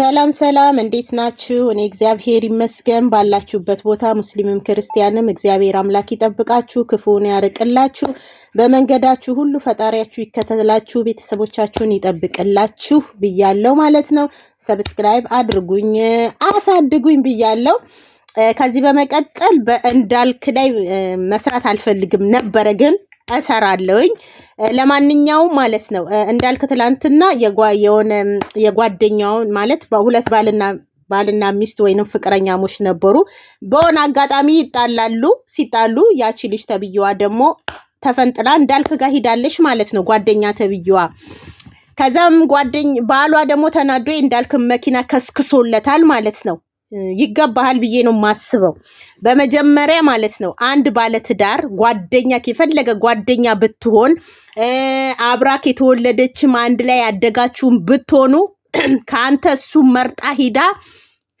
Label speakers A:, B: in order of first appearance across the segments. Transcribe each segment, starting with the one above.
A: ሰላም ሰላም እንዴት ናችሁ? እኔ እግዚአብሔር ይመስገን። ባላችሁበት ቦታ ሙስሊምም ክርስቲያንም እግዚአብሔር አምላክ ይጠብቃችሁ፣ ክፉን ያርቅላችሁ፣ በመንገዳችሁ ሁሉ ፈጣሪያችሁ ይከተላችሁ፣ ቤተሰቦቻችሁን ይጠብቅላችሁ ብያለው ማለት ነው። ሰብስክራይብ አድርጉኝ፣ አሳድጉኝ ብያለው። ከዚህ በመቀጠል በእንዳልክ ላይ መስራት አልፈልግም ነበረ ግን እሰራለሁኝ። ለማንኛውም ማለት ነው እንዳልክ ትላንትና የሆነ የጓደኛውን ማለት በሁለት ባልና ባልና ሚስት ወይንም ፍቅረኛሞች ነበሩ። በሆነ አጋጣሚ ይጣላሉ። ሲጣሉ ያቺ ልጅ ተብዬዋ ደግሞ ተፈንጥላ እንዳልክ ጋር ሂዳለች ማለት ነው ጓደኛ ተብዬዋ። ከዛም ጓደኛ ባሏ ደግሞ ተናዶ እንዳልክ መኪና ከስክሶለታል ማለት ነው። ይገባሃል ብዬ ነው የማስበው። በመጀመሪያ ማለት ነው አንድ ባለትዳር ጓደኛ የፈለገ ጓደኛ ብትሆን አብራክ የተወለደችም አንድ ላይ ያደጋችሁም ብትሆኑ ከአንተ እሱ መርጣ ሂዳ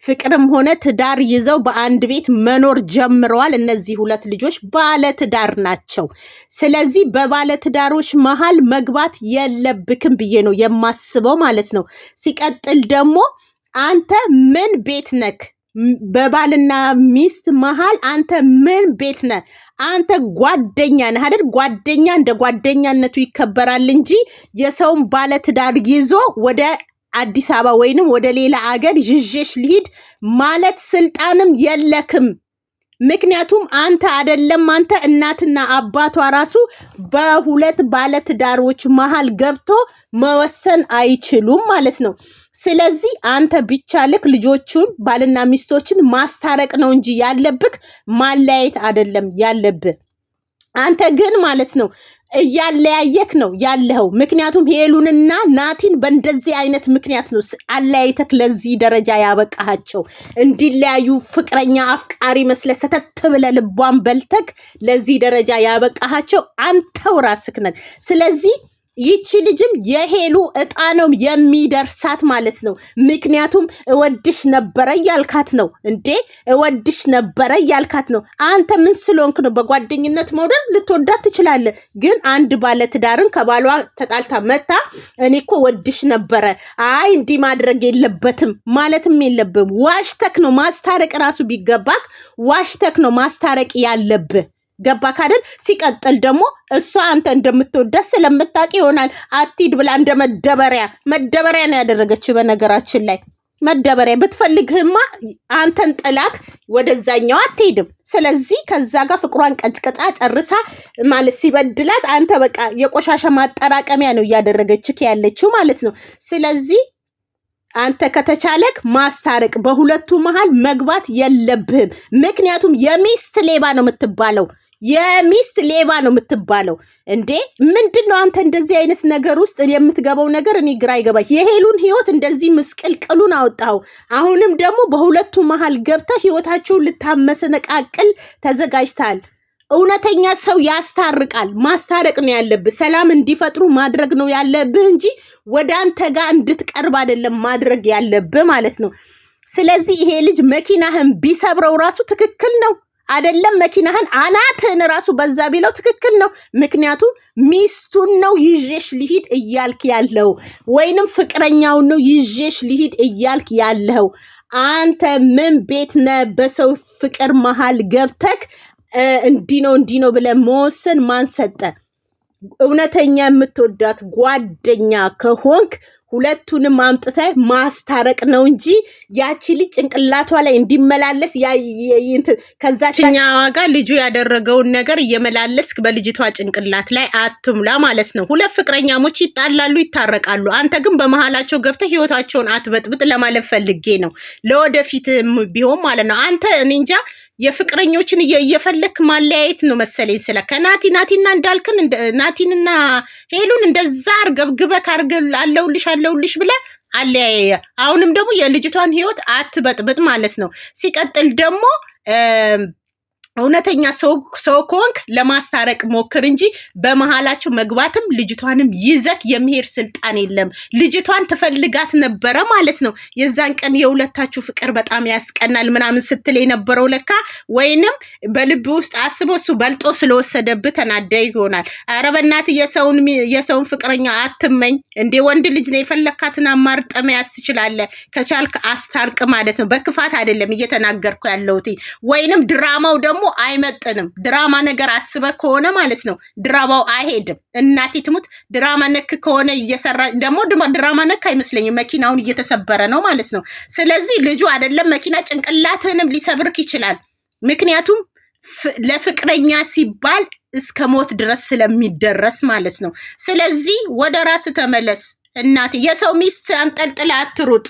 A: ፍቅርም ሆነ ትዳር ይዘው በአንድ ቤት መኖር ጀምረዋል። እነዚህ ሁለት ልጆች ባለትዳር ናቸው። ስለዚህ በባለትዳሮች መሀል መግባት የለብክም ብዬ ነው የማስበው ማለት ነው። ሲቀጥል ደግሞ አንተ ምን ቤት ነክ? በባልና ሚስት መሃል አንተ ምን ቤት ነህ? አንተ ጓደኛ ነህ አይደል? ጓደኛ እንደ ጓደኛነቱ ይከበራል እንጂ የሰውን ባለትዳር ይዞ ወደ አዲስ አበባ ወይንም ወደ ሌላ አገር ይዤሽ ልሂድ ማለት ስልጣንም የለክም። ምክንያቱም አንተ አደለም አንተ እናትና አባቷ ራሱ በሁለት ባለትዳሮች መሀል ገብቶ መወሰን አይችሉም ማለት ነው። ስለዚህ አንተ ብቻ ልክ ልጆቹን ባልና ሚስቶችን ማስታረቅ ነው እንጂ ያለብክ ማለያየት አደለም ያለብህ። አንተ ግን ማለት ነው እያለያየክ ነው ያለኸው። ምክንያቱም ሄሉንና ናቲን በእንደዚህ አይነት ምክንያት ነው አለያይተክ ለዚህ ደረጃ ያበቃሃቸው። እንዲለያዩ ፍቅረኛ አፍቃሪ መስለ ሰተት ብለ ልቧን በልተክ ለዚህ ደረጃ ያበቃሃቸው አንተው ራስክ ነህ። ስለዚህ ይቺ ልጅም የሄሉ እጣ ነው የሚደርሳት ማለት ነው። ምክንያቱም እወድሽ ነበረ ያልካት ነው እንዴ እወድሽ ነበረ ያልካት ነው። አንተ ምን ስለሆንክ ነው? በጓደኝነት መውደድ ልትወዳት ትችላለህ፣ ግን አንድ ባለትዳርን ከባሏ ተጣልታ መታ እኔ እኮ ወድሽ ነበረ፣ አይ እንዲህ ማድረግ የለበትም ማለትም የለብም። ዋሽተክ ነው ማስታረቅ ራሱ ቢገባክ ዋሽተክ ነው ማስታረቅ ያለብህ። ገባ ካደል ሲቀጥል ደግሞ እሷ አንተ እንደምትወዳት ስለምታውቅ ይሆናል አትሂድ ብላ እንደ መደበሪያ መደበሪያ ነው ያደረገችው በነገራችን ላይ መደበሪያ ብትፈልግህማ አንተን ጥላክ ወደዛኛው አትሄድም። ስለዚህ ከዛ ጋር ፍቅሯን ቀጭቀጫ ጨርሳ ማለት ሲበድላት አንተ በቃ የቆሻሻ ማጠራቀሚያ ነው እያደረገችክ ያለችው ማለት ነው። ስለዚህ አንተ ከተቻለክ ማስታረቅ፣ በሁለቱ መሃል መግባት የለብህም። ምክንያቱም የሚስት ሌባ ነው የምትባለው የሚስት ሌባ ነው የምትባለው እንዴ? ምንድን ነው አንተ እንደዚህ አይነት ነገር ውስጥ የምትገባው ነገር እኔ ግራ ይገባኝ። የሄሉን ህይወት እንደዚህ ምስቅልቅሉን አወጣው። አሁንም ደግሞ በሁለቱ መሀል ገብተህ ህይወታቸውን ልታመሰነቃቅል ተዘጋጅታል። እውነተኛ ሰው ያስታርቃል። ማስታረቅ ነው ያለብህ። ሰላም እንዲፈጥሩ ማድረግ ነው ያለብህ እንጂ ወደ አንተ ጋር እንድትቀርብ አይደለም ማድረግ ያለብህ ማለት ነው። ስለዚህ ይሄ ልጅ መኪናህን ቢሰብረው ራሱ ትክክል ነው። አደለም መኪናህን አናትህን ራሱ በዛ ቢለው ትክክል ነው። ምክንያቱም ሚስቱን ነው ይዤሽ ሊሂድ እያልክ ያለው ወይንም ፍቅረኛውን ነው ይዤሽ ሊሂድ እያልክ ያለው። አንተ ምን ቤት ነ በሰው ፍቅር መሃል ገብተክ እንዲህ ነው እንዲህ ነው ብለ መወሰን ማን ሰጠ? እውነተኛ የምትወዳት ጓደኛ ከሆንክ ሁለቱንም አምጥተ ማስታረቅ ነው እንጂ ያቺ ልጅ ጭንቅላቷ ላይ እንዲመላለስ ከዛኛዋ ጋር ልጁ ያደረገውን ነገር እየመላለስክ በልጅቷ ጭንቅላት ላይ አትሙላ ማለት ነው። ሁለት ፍቅረኛሞች ይጣላሉ፣ ይታረቃሉ። አንተ ግን በመሀላቸው ገብተ ህይወታቸውን አትበጥብጥ ለማለት ፈልጌ ነው። ለወደፊትም ቢሆን ማለት ነው አንተ እኔ እንጃ የፍቅረኞችን እየፈለክ ማለያየት ነው መሰለኝ። ስለ ከናቲ ናቲና እንዳልክን ናቲንና ሄሉን እንደዛ ግበክ አርገብግበክ አለውልሽ አለውልሽ ብለ አለያየ። አሁንም ደግሞ የልጅቷን ህይወት አትበጥብጥ ማለት ነው። ሲቀጥል ደግሞ እውነተኛ ሰው ከሆንክ ለማስታረቅ ሞክር እንጂ በመሀላቸው መግባትም ልጅቷንም ይዘህ የመሄድ ስልጣን የለም። ልጅቷን ትፈልጋት ነበረ ማለት ነው። የዛን ቀን የሁለታችሁ ፍቅር በጣም ያስቀናል ምናምን ስትል የነበረው ለካ ወይንም በልብ ውስጥ አስቦ እሱ በልጦ ስለወሰደብህ ተናዳይ ይሆናል። ኧረ በእናትህ የሰውን ፍቅረኛ አትመኝ እንዴ! ወንድ ልጅ ነው። የፈለካትን አማርጠ መያዝ ትችላለህ። ከቻልክ አስታርቅ ማለት ነው። በክፋት አይደለም እየተናገርኩ ያለሁት። ወይንም ድራማው ደግሞ ደግሞ አይመጥንም። ድራማ ነገር አስበ ከሆነ ማለት ነው ድራማው አይሄድም። እናቴ ትሙት ድራማ ነክ ከሆነ እየሰራ ደግሞ ድራማ ነክ አይመስለኝም። መኪናውን እየተሰበረ ነው ማለት ነው። ስለዚህ ልጁ አይደለም መኪና ጭንቅላትህንም ሊሰብርክ ይችላል። ምክንያቱም ለፍቅረኛ ሲባል እስከ ሞት ድረስ ስለሚደረስ ማለት ነው። ስለዚህ ወደ ራስ ተመለስ እናቴ። የሰው ሚስት አንጠልጥላ አትሩጥ።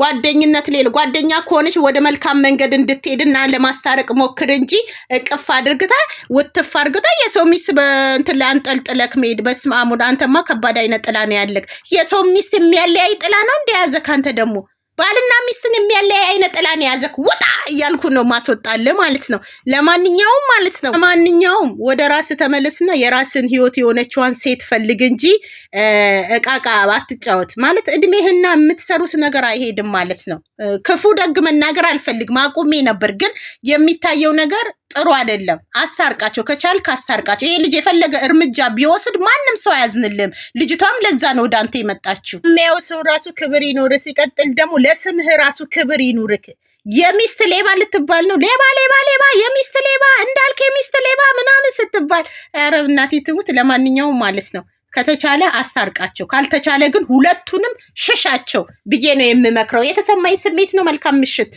A: ጓደኝነት ሌል ጓደኛ ከሆነች ወደ መልካም መንገድ እንድትሄድና ለማስታረቅ ሞክር እንጂ እቅፍ አድርግታ ውትፍ አድርግታ የሰው ሚስት በእንትን ላይ አንጠልጥለክ መሄድ። በስመ አብ አንተማ ከባድ አይነት ጥላ ነው ያለክ። የሰው ሚስት የሚያለያይ ጥላ ነው እንደያዘ ካንተ ደግሞ ባልና ሚስትን የሚያለያይ አይነ ጥላን የያዘክ ውጣ እያልኩ ነው ማስወጣለ ማለት ነው። ለማንኛውም ማለት ነው ለማንኛውም ወደ ራስ ተመለስና የራስን ህይወት የሆነችዋን ሴት ፈልግ እንጂ እቃቃ አትጫወት። ማለት እድሜህና የምትሰሩት ነገር አይሄድም ማለት ነው። ክፉ ደግ መናገር አልፈልግም አቁሜ ነበር፣ ግን የሚታየው ነገር ጥሩ አይደለም። አስታርቃቸው ከቻልክ አስታርቃቸው። ይሄ ልጅ የፈለገ እርምጃ ቢወስድ ማንም ሰው አያዝንልም። ልጅቷም ለዛ ነው ወደ አንተ የመጣችው።
B: የሚያው ሰው ራሱ ክብር ይኑር። ሲቀጥል ደግሞ ለስምህ ራሱ ክብር ይኑርክ። የሚስት ሌባ ልትባል ነው። ሌባ ሌባ ሌባ፣ የሚስት ሌባ እንዳልክ፣ የሚስት ሌባ ምናምን ስትባል ኧረ እናቴ ትሙት። ለማንኛውም ማለት ነው ከተቻለ አስታርቃቸው፣ ካልተቻለ ግን ሁለቱንም ሸሻቸው ብዬ ነው የምመክረው። የተሰማኝ ስሜት ነው። መልካም ምሽት።